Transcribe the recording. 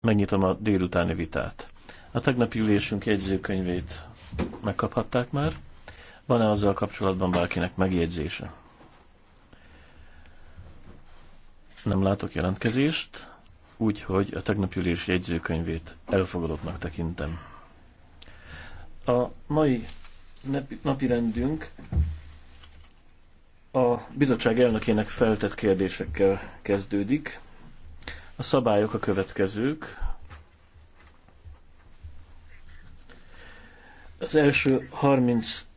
Megnyitom a délutáni vitát. A tegnapi ülésünk jegyzőkönyvét megkaphatták már. Van-e azzal kapcsolatban bárkinek megjegyzése? Nem látok jelentkezést, úgyhogy a tegnapi ülés jegyzőkönyvét elfogadottnak tekintem. A mai napi rendünk a bizottság elnökének feltett kérdésekkel kezdődik. A szabályok a következők. Az első 30